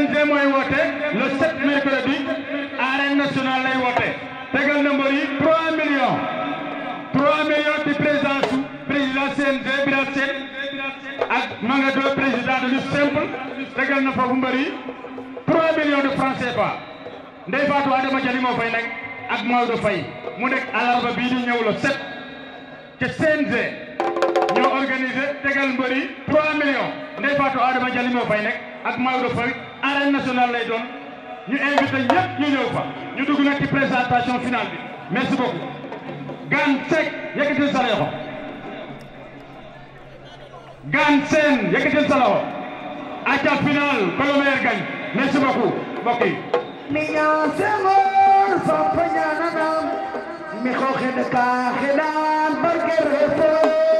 CNG mooy woote le 7 mercredi arène nationale lay woote tegal na mbër yi 3 millions 3 millions ci président su président CNG Bira Sène ak Mangato président de lutte simple tegal na foofu mbër yi 3 millions de francs CFA Ndeye Fatou Adama Diallo fay nekk ak Maodo Faye mu nekk alarba bii di ñëw le 7 te CNG ñoo organisé tegal mbër yi 3 millions Ndeye Fatou Adama Diallo fay nekk. ak Maodo Faye arène nationale lay doon ñu invité ñëpp ñu ñëw fa ñu dugg nag ci présentation finale bi merci beaucoup Gane Seck yëkkatil sa acca finale que le meilleur gagne merci beaucoup mbokk yi mi ñaa semor mi xooxe de kaa xedaan barke refo